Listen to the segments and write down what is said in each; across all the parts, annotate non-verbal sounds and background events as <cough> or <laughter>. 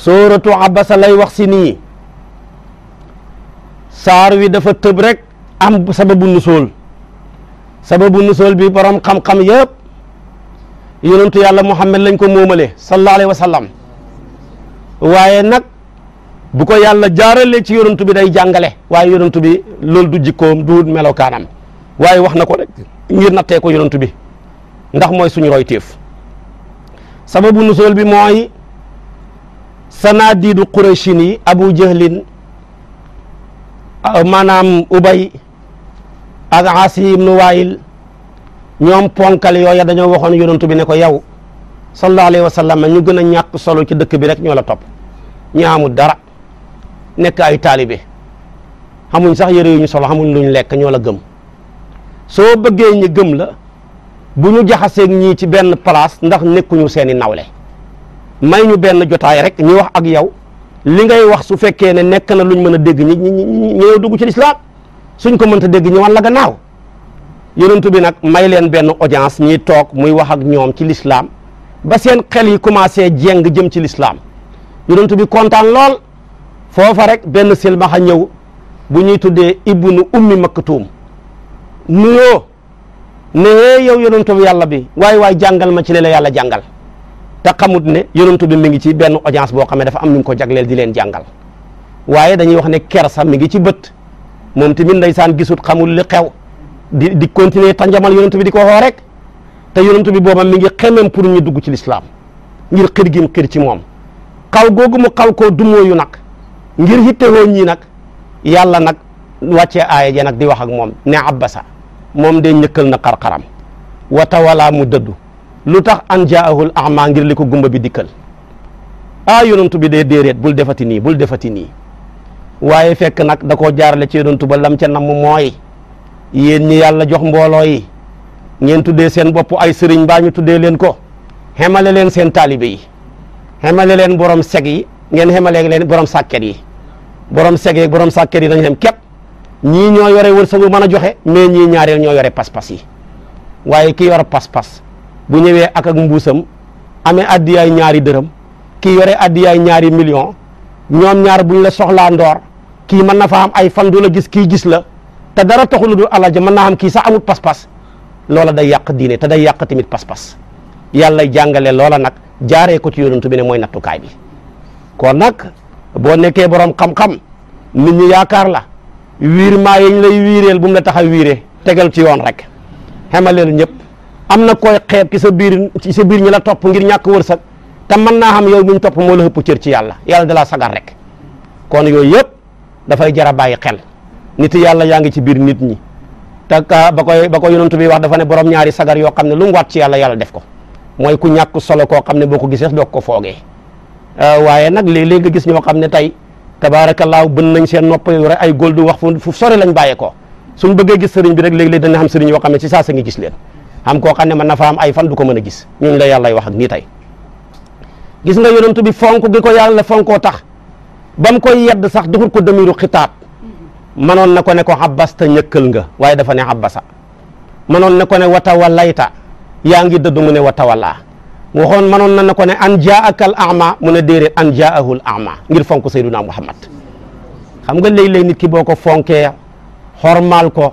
sóoratu abasa lay wax si nii saar wi dafa tëb rek am sababu nusool sababu nusool bi borom xam-xam yëpp yonentu yàlla muhammad lañ ko moomale sallallahu alayhi wa sallam waaye nag bu ko yàlla jaarale ci yorontu bi day jàngale waaye yonentu bi loolu du jikkoom du melokaanam waaye wax na ko rek ngir nattee ko yonentu bi ndax mooy suñu roy téef sababu nusool bi mooy sanaadiidu quraychin yi abu jahlin euh, maanaam ubay ak aasi ibnu waayil ñoom ponkal yooya dañoo waxoon yonantu bi ne ko yow sallallahu alayhi wa sallam ñu gën a ñàkk solo ci dëkk bi rek ñoo la topp ñu amul dara nekk ay taalibe xamuñ sax yëre yu ñu solo xamuñ luñ lekk ñoo la gëm soo bëggee ñi gëm la bu ñu jaxaseeg ñii ci benn place ndax nekkuñu seeni nawle may ñu benn jotaay rek ñu wax ak yow li ngay wax su fekkee ne nekk na luñ mën a dégg ñi ñi ñëw dugg ci lislaam suñ ko mënta dégg ñëwan la gannaaw yonentu bi nag may leen benn audience ñiy toog muy wax ak ñoom ci lislaam ba seen xel yi commencé jeng jëm ci lislaam yonentu bi kontaan lool foofa rek benn silmaxa ñëw bu ñuy tuddee ibnu ummi maktuum nuyoo ne yow yonentu bi yàlla bi waay waay jàngal ma ci li la yàlla jàngal te xamut ne yonent bi mi ngi ci benn audience boo xam ne dafa am ñu ko jagleel di leen jàngal waaye dañuy wax ne kersa mi ngi ci bët moom tamit ndeysaan gisut xamul li xew di di continuer tanjamal yonent bi di ko xoo rek te yonent bi booba mi ngi xemem pour ñu dugg ci lislaam ngir xir gim xir ci moom xaw googu mu xaw koo yu nag ngir hittewoo ñii nag yàlla nag wàccee aaya ja nag di wax ak moom ne abbasa moom de ñëkkal na xarxaram wata wala mu dëddu lu tax an jaahul ama ngir li ko gumba bi dikkal ah yonantu bi dee déeréet bul defati nii bul defati nii waaye fekk nag da koo jaarale ci yonantu ba lam ca namm mooy yéen ñi yàlla jox mbooloo yi ngeen tuddee seen bopp ay sëriñ baa ñu tuddee leen ko xemale leen seen taalibe yi xemale leen borom seg yi ngeen xemale leen borom sàkket yi borom seg yi borom sàkket yi dañu xam képp ñii ñoo yore wërsëgu mën a joxe mais ñii ñaareel ñoo yore pas-pas yi waaye ki yor pas-pas bu ñëwee ak ak mbuusam amee addiyaay ñaari dërëm kii yore addiyaay ñaari million ñoom ñaar buñ la soxlaa ndoor kii mën na fa am ay fan du la gis kii gis la te dara taxul du alaja mën naa am kii sax amut pas-pas loola day yàq diine te day yàq tamit pas-pas yàlla jàngale loola nag jaaree ko ci yonentu bi ne mooy nattukaay bi kon nag boo nekkee borom xam-xam nit ñi yaakaar la wiir maa yañ lay wiireel bu mu la tax wiire tegal ci yoon rek xemaleen ñëpp am na koy xeeb ci sa biir ci sa biir ñi la topp ngir ñàkk sa te mën naa xam yow mi ñu topp moo la ëpp cër ci yàlla yàlla da laa sagar rek kon yooyu yëpp dafay jar a bàyyi xel nit yàlla yaa ngi ci biir nit ñi te ba ba ko yonent bi wax dafa ne borom ñaari sagar yoo xam ne lu mu waat ci yàlla yàlla def ko mooy ku ñàkk solo koo xam ne boo ko gisee doo ko foogee euh, waaye nag léeg-léeg nga gis ñoo xam ne tey tabaarakallaahu bën nañ seen nopp yore ay góol du wax fu sori lañ bàyyee ko suñ bëggee gis xam sëriñ yoo xam sa ngi gis leen am ko xam ne mën na fa am ay fan du ko mën a gis ñooñu la yàllay wax ak nii tey gis nga yonent bi fonk gi ko yàlla fonkoo tax ba mu koy yedd sax duxul ko demiru xitaab manoon na ko ne ko abbasta ñëkkal nga waaye dafa ne abbasa manoon na ko ne watawalayta yaa ngi dëdd mu ne watawallaa waxoon manoon na na ko ne an jaakal ama mu ne déedéet an jaahul ama ngir fonk sayduna muhammad xam nga léeg-léeg nit ki boo ko fonkee xormaal ko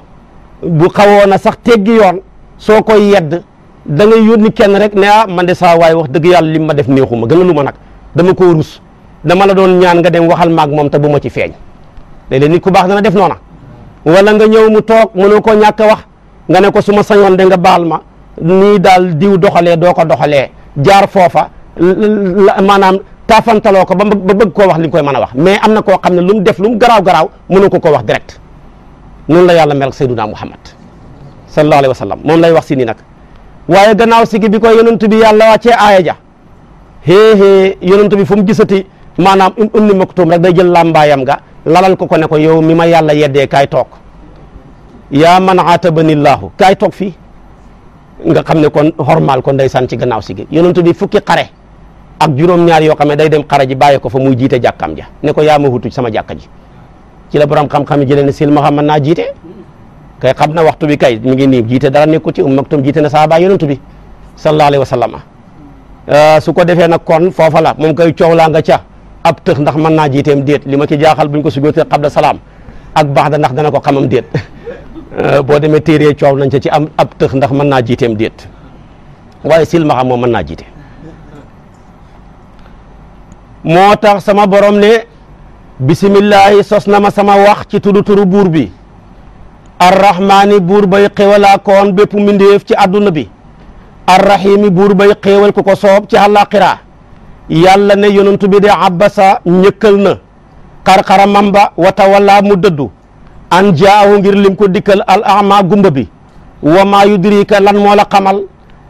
bu xawoon sax teggi yoon soo ko yedd da ngay yónni kenn rek ne ah man de saa waaye wax dëgg yàlla lim ma def neexuma gën a ma nag dama ko rus dama la doon ñaan nga dem waxal maag moom te bu ma ci feeñ léeg-léeg nit ku baax na def noona wala nga ñëw mu toog mënoo koo ñàkk a wax nga ne ko su ma sañoon de nga baal ma nii daal diw doxalee doo ko doxalee jaar foofa maanaam taafantaloo ko ba ba bëgg koo wax li koy mën a wax mais am na koo xam ne lu mu def lu mu garaaw garaaw mënoo ko koo wax direct noonu la yàlla mel ak Seydunaa Muhammad sallallahu alayhi wa sallam moom lay wax si nag waaye gannaaw sigi bi ko yonent bi yàlla wàccee aaya ja xéexée yonent bi fu mu gisati maanaam um umni maktuum rek day jël làmbaayam ga lalal ko ko ne ko yow mi ma yàlla yeddee kaay toog yaa man atabanillaahu kay toog fii nga xam ne kon maal kon day san ci gannaaw si gi yonent bi fukki xare ak juróom-ñaar yoo xam ne day dem xare ji bàyyi ko fa muy jiite jàkkam ja ne ko yaa ma sama jàkka ji ci la borom xam-xam yi naa jiite kay xam na waxtu bi kay mi ngi nii jiite dara nekku ci Umm Maktum jiite na saaba yonent bi sallallahu alayhi wa sallam euh, su ko defee nag kon foofa la moom kay coow laa nga ca ab tëx ndax mën naa jiiteem déet li ma ci jaaxal buñ ko sujjootee qabla salaam ak baax da ndax dana ko xamam déet <laughs> euh, boo demee téere coow nañ ca ci am ab tëx ndax man naa jiiteem déet waaye silmaxa moom mën naa jiite moo tax sama borom ne bisimillahi sos na ma sama wax ci tudd turu buur bi arrahmaani buur bay xéewalaa koon bépp mindéef ci àdduna bi arrahimi buur bay xéewal ko ko soob ci àllaaxira yàlla ne yonentu bi de abbasa ñëkkal na xarxara mamba wata wala mu dëddu an jaahu ngir lim ko dikkal al ama gumba bi wa maa yudrika lan moo la xamal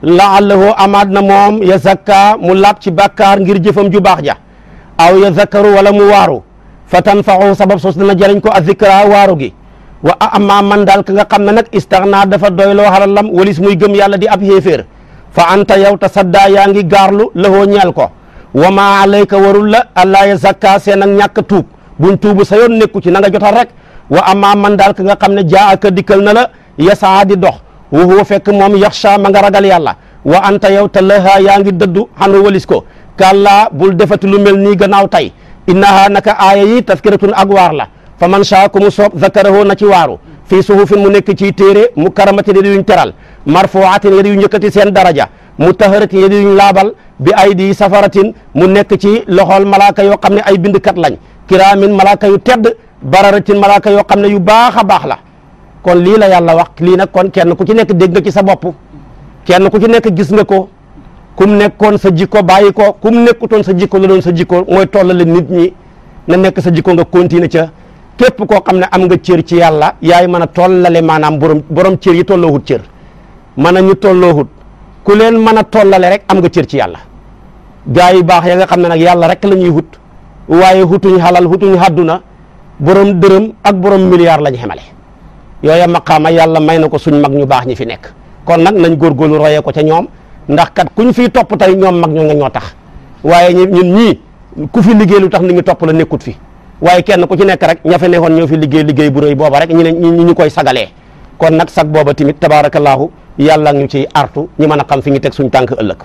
laallahu na moom ya zakka mu laab ci bàkkaar ngir jëfam ju baax ja aw ya zakkaru wala mu waaru fa tanfaxu sabab sos dana jëriñ ko azikra waaru gi wa amma man daal ka nga xam ne nag istaxnaa dafa doyloo xaralam walis muy gëm yàlla di ab xéeféer fa anta yow ta saddaa yaa ngi gaarlu lahoo ñeel ko wa maa alayka warul la allaa yazakka seen ak ñàkk tuub buñ tuubu sa yoon nekku ci nanga nga jotal rek wa amma man daal ka nga xam ne jaa aka dikkal na la yasaa di dox wa huwa fekk moom yaxsha ma ragal yàlla wa anta yow ta lahaa yaa ngi dëddu xanu walis ko kàllaa bul defati lu mel nii gannaaw tey innaha naka aaya la fa man saa ku mu soob zakarahu na ci waaru fii suhufin mu nekk ciy téere mu karamatin yadi yuñ teral marfuatin yadi yuñ yëkkati seen daraja mu taharatin yadi yuñ laabal bi ay di safaratin mu nekk ci loxol malaaka yoo xam ne ay bindkat lañ kiraamin malaaka yu tedd bararatin malaaka yoo xam ne yu baax a baax la kon lii la yàlla wax lii nag kon kenn ku ci nekk dégg nga ci sa bopp kenn ku ci nekk gis nga ko kum nekkoon sa jikko bàyyi ko kum nekkutoon sa jikko la doon sa jikko mooy tollale nit ñi na nekk sa jikko nga continuer ca képp koo xam ne am nga cër ci yàlla yaay mën a tollale maanaam borom borom cër yi tolloowut cër mën a ñu tolloowut ku leen mën a tollale rek am nga cër ci yàlla gaa yi baax ya nga xam ne nag yàlla rek la ñuy hut waaye hutuñ xalal hutuñ hadduna borom dërëm ak borom milliard lañ xemale yooya maqaama yàlla may na ko suñ mag ñu baax ñi fi nekk kon nag nañ góorgóorlu royee ko ca ñoom ndax kat kuñ fiy topp tey ñoom mag ñoo nga ñoo tax waaye ñun ñii ku fi liggéey lu tax ni ñu topp la nekkut fi waaye kenn ku ci nekk rek ña fa nekkoon ñoo fi liggéey liggéey bu rëy booba rek ñu ne ñu koy sagalee kon nag sag booba tamit tabaarakallaahu yàlla ñu ci artu ñu mën a xam fi ñu teg suñ tànk ëllëg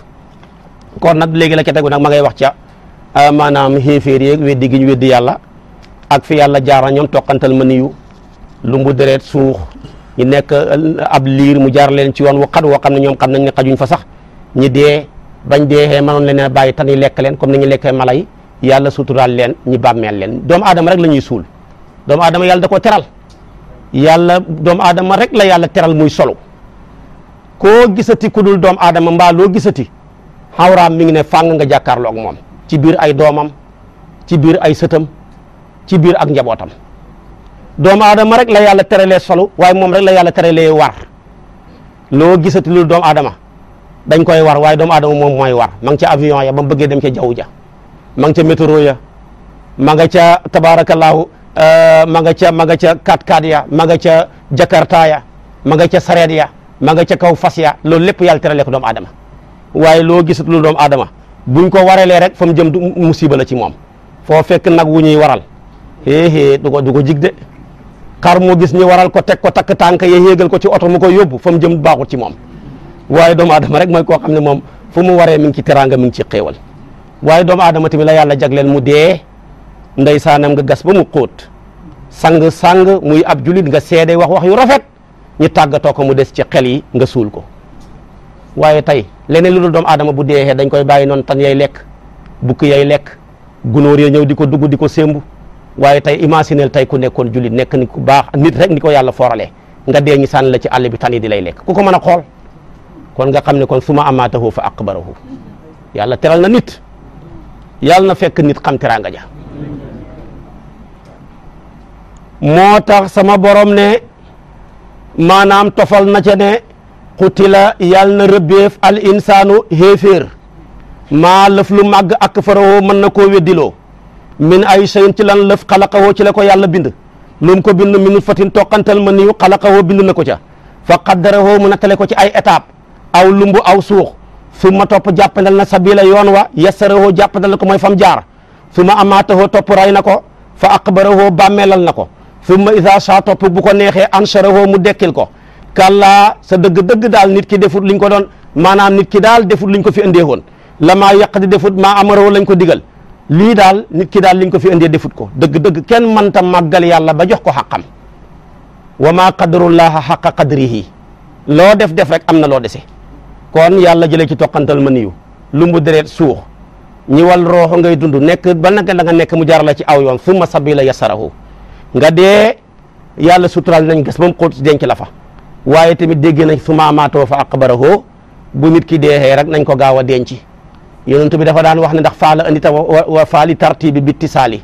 kon nag léegi la ca tegu nag ma ngay wax ca ah, maanaam xéeféer yeeg weddi gi ñu weddi yàlla ak fi yàlla jaara ñoom toqantal ma niyu lu mbu dereet suux ñu nekk uh, ab liir mu jaar leen ci yoon wu xat woo xam ne ñoom xam nañ ne xajuñ fa sax ñu dee bañ dee mënoon leen a bàyyi tan lekk leen comme ni ñu lekkee mala yi yàlla suturaal leen ñi bàmmeel leen doom adama rek la ñuy suul doom adama yàlla da ko teral yàlla doomu aadama rek la yàlla teral muy solo ko gisati ku dul doom aadama mba loo gisati xawraam mi ngi ne fàng nga jàkkaarloo ak moom ci biir ay doomam ci biir ay sëtam ci biir ak njabootam doom aadama rek la yàlla terale solo waaye moom rek la yàlla teralee war loo gisati lu doomu aadama dañ koy war waaye doomu aadama moom mooy war ma ngi ca avion ya ba mu bëggee dem ca jaww ja ma nga ca métro ya ma nga ca tabaarakallaahu euh, ma nga ca ma nga ca 4 x ya ma nga ca jakarta ya ma nga ca sareet ya ma nga ca kaw fas ya loolu lépp yàlla terale ko doomu aadama waaye loo gisat lu doomu adama buñ ko waralee rek fa mu jëm du musiba la ci moom foo fekk nag wu ñuy waral héehée du ko du ko jig de xar mu gis ñu waral ko teg ko takk tànk ye yéegal ko ci oto mu ko yóbbu fa mu jëm baaxul ci moom waaye doomu aadama rek mooy koo xam ne moom fu mu waree mi ngi ci teraanga mi ngi ci xéewal waaye doomu aadama tamit la yàlla jagleel mu dee nday saanam nga gas ba mu xóot sang-sang muy ab julit nga seede wax wax yu rafet ñu tàggatoo ko mu des ci xel yi nga suul ko waaye tey leneen lu dul doomu aadama bu deexee dañ koy bàyyi noonu tan yay lekk bukki yay lekk gunóor ya ñëw di ko dugg di ko sémbu waaye tey imaginel tey ku nekkoon julit nekk ni ku baax nit rek ni ko yàlla foorale nga dee ñi sànni la ci àll bi tan yi di lay lekk ku ko mën a xool kon nga xam ne kon suma amaatahu fa aqbarahu yàlla teral yàlla na fekk nit xam teraanga ja moo tax sama borom ne maanaam tofal na ca ne tila yàlla na rëbbeef al insaanu xéeféer ma lëf lu màgg ak farawoo mën na koo weddiloo min ay sayin ci lan lëf xalaqawoo ci la ko yàlla bind lu ko bind min fatin toqantal ma niyu xalaqawoo bind na ko ca fa qaddarawoo mu nattale ko ci ay étape aw lumbu aw suux summa topp jàppandal na sabila yoon wa yassarahoo jàppandal na ko mooy fam jaar summa amaatahoo topp ray na ko fa aqbarahoo bàmmeelal na ko summa isa sa topp bu ko neexee ansharahoo mu dekkil ko kàllaa sa dëgg-dëgg daal nit ki defut liñ ko doon maanaam nit ki daal defut liñ ko fi indee woon la maa yàq di defut maa amaroo lañ ko digal lii daal nit ki daal liñ ko fi indee defut ko dëgg-dëgg kenn mënta màggal yàlla ba jox ko xaqam wa maa qadarullaaha xaqa qadrihi loo def def rek am na loo dese kon yàlla jëlee ci toqantal ma niyu lu mu dereet suux ñi wal rooxo ngay dund nekk ba naka la nga nekk mu jaar la ci aw yoon summa sabila yasarahu nga dee yàlla suturaal nañ gas ba mu xóot denc la fa waaye tamit dégg nañ summa amaatoo fa aqbarahoo bu nit ki deexee rek nañ ko gaaw a denc yonent bi dafa daan wax ne ndax faala andi ta wa faali tartibi bi saali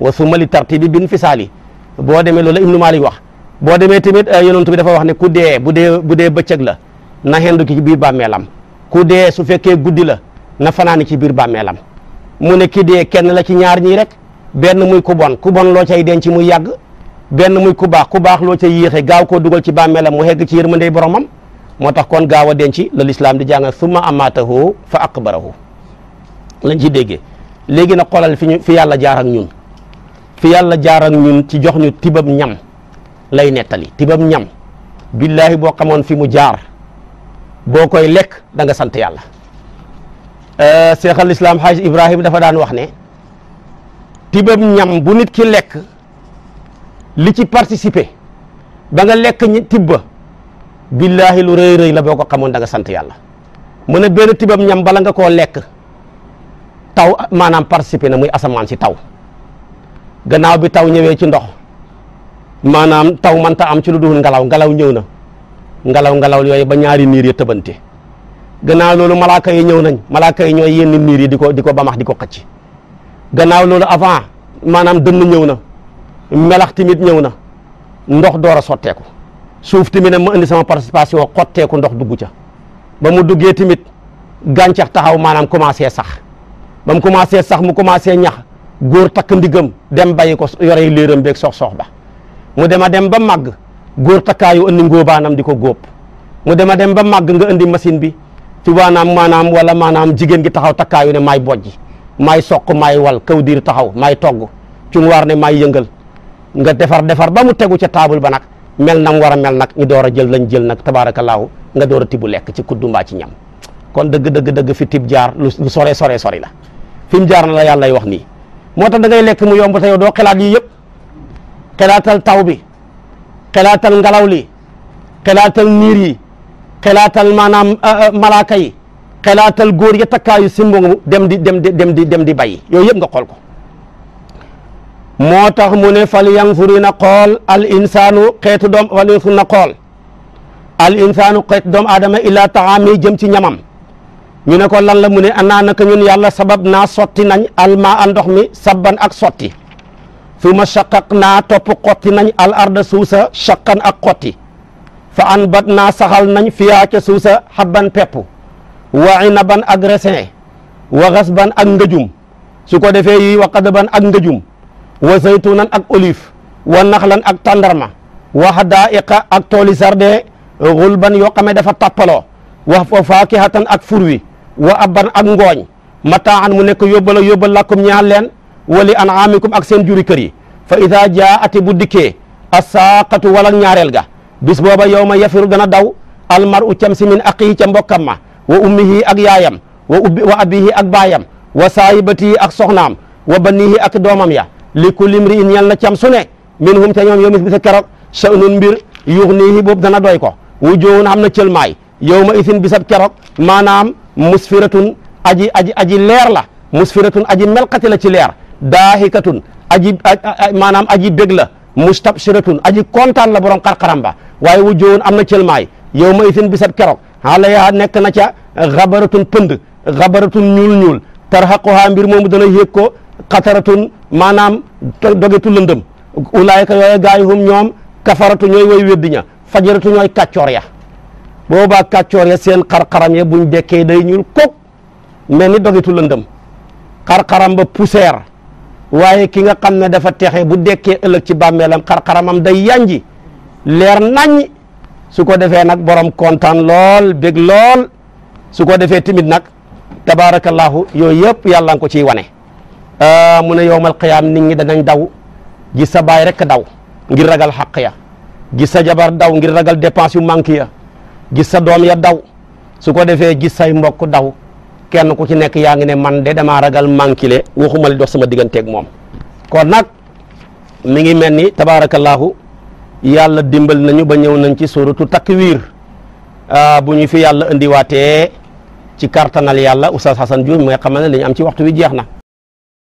wa summa li tartibi bin fisaali boo demee loolu Ibnu Maalik wax boo demee tamit eh, yonent bi dafa wax ne ku dee bu dee bu dee bëccëg la na xendu ki ci biir bàmmeelam ku dee su fekkee guddi la na fanaani ci biir bàmmeelam mu ne ki dee kenn la ci ñaar ñii rek benn muy ku bon ku bon loo cay denc muy yàgg benn muy ku baax ku baax loo cay yéexe gaaw koo dugal ci bàmmeelam mu hegg ci yërmandey boromam moo tax kon gaaw a denc la lislaam di jàngal summa amaatahu fa aqbarahu lañ ci déggee léegi na xoolal fi fi yàlla jaar ak ñun fi yàlla jaar ak ñun ci jox ñu tibam ñam lay nettali tibam ñam billaahi boo xamoon fi mu jaar boo koy lekk da nga sant yàlla seexal euh, islaam xaaj ibrahim dafa daan wax ne tibam ñam bu nit ki lekk li ci participer ba nga lekk ñi tibba billaahi lu rëy rëy la boo ko xamoon da nga sant yàlla mu ne benn tibam ñam bala nga koo lekk taw maanaam participer na muy asamaan si taw gannaaw bi taw ñëwee ci ndox maanaam taw mënta am ci lu dul ngelaw ngelaw ñëw na ngelaw ngelaw yooyu ba ñaari niir ya tëbante gannaaw loolu malaaka yi ñëw nañ malaaka yi ñooy yenn niir yi di ko di ko bamax di ko xëcc gannaaw loolu avant maanaam dënn ñëw na melax tamit ñëw na ndox door a sotteeku suuf tamit ne ma indi sama participation xotteeku ndox dugg ca ba mu duggee tamit gàncax taxaw maanaam commencé sax ba mu commencé sax mu commencé ñax góor takk ndigam dem bàyyi ko yore léeram beeg sox sox ba mu dem a dem ba màgg góor takkaayu andi ngóobaanam di ko góob mu dema dem ba màgg nga andi machine bi ci waanaam maanaam wala maanaam jigéen gi taxaw takkaayu ne maay bojj maay soq maay wal kaw diir taxaw maay togg cunwaar ne maay yëngal nga defar defar ba mu tegu ca taabul ba nag mel nam war a mel nag ñu door a jël lañ jël nag tabaarakallaahu nga door a bu lekk ci kuddu mbaa ci ñam kon dëgg dëgg dëgg fi tib jaar lu sore sore sori la fi mu jaar na la yàllay wax nii moo tax da ngay lekk mu yomb te yow doo xalaat yii yëpp xalaatal taw bi xelaatal ngelaw li xelaatal niir yi xelaatal maanaam eh, eh, malaaka yi xelaatal góor ya takkaayu simbongu dem di dem di dem di dem di bay yooyu yëpp nga xool ko moo tax mu ne fal yanfuri na xool al insaanu xeetu doom fal na xool al insaanu xeetu doom aadama illa taami jëm ci ñamam ñu ne ko lan la mu ne anaa naka ñun yàlla sabab naa sotti nañ alma a ndox mi sabban ak sotti suma shaqaq naa topp xotti nañ al arda suusa shaqan ak xotti fa an bat na saxal nañ fiyaa ca suusa xabban pepp wa inaban ak resin wa xasban ak ngëjum su ko defee yi wa qadaban ak ngëjum wa zaytunan ak olive wa naxlan ak tàndarma wa hadaiqa ak tooli xulban yoo xam ne dafa tappaloo wa fa ak furwi wa abban ak ngooñ mataan mu nekk yóbbala yóbbal lakum ñaan wali an'amikum ak seen juri kër yi fa ida jaati bu dikkee assaaqatu wala ñaareel ga bis booba yow ma yafiru dana daw almar'u cam si min aqihi ca mbokkam ma wa ummihi ak yaayam wa ubbi wa abihi ak baayam wa saayibatihi ak soxnaam wa banihi ak doomam ya li kulli mri'in yal na cam su ne minhum ca ñoom yow mis bi sa keroog sha'nun mbir yuxnihi boobu dana doy ko wujuhun xam na cëlmaay yow ma isin bisab keroog maanaam musfiratun aji aji aji leer la musfiratun aji melqati la ci leer daahikatun aji maanaam aji bég la mustabsiratun aji kontaan la borom xarxaram ba waaye wu jowoon am na cëlmaay yow ma itin bisab keroog alayha nekk na ca xabaratun pënd xabaratun ñuul ñuul tarxaquha mbir moomu dana yéeg ko xataratun maanaam dogetu lëndëm ulaayka yooye gaay hum ñoom kafaratu ñooy weddi ña fajaratu ñooy kàccoor ya booba kàccoor ya seen xarxaram ya buñ dekkee day ñuul kook mel ni dogetu lëndëm xarxaram ba poussière waaye ki nga xam ne dafa texe bu dekkee ëllëg ci bàmmeelam xar-xaramam day yanji leer nañ su ko defee nag borom kontaan lool bég lool su ko defee tamit nag tabaarakallaahu yooyu yëpp yàlla nga ko ciy wane ah, mu ne yowmal qiyaam nit ñi danañ daw gis sa baay rek daw ngir ragal xaq ya gis sa jabar daw ngir ragal dépense yu manqué ya gis sa doom ya daw su ko defee gis say mbokk daw kenn ku ci nekk yaa ngi ne man de damaa ragal mankile waxuma li dox sama digganteeg moom kon nag mi ngi mel ni tabaarakallaahu yàlla dimbal nañu ba ñëw nañ ci suratu takwiir ah, bu ñu fi yàlla indiwaatee ci kartanal yàlla Oustaz Assane Diouf mi nga xamal ne li am ci waxtu wi jeex na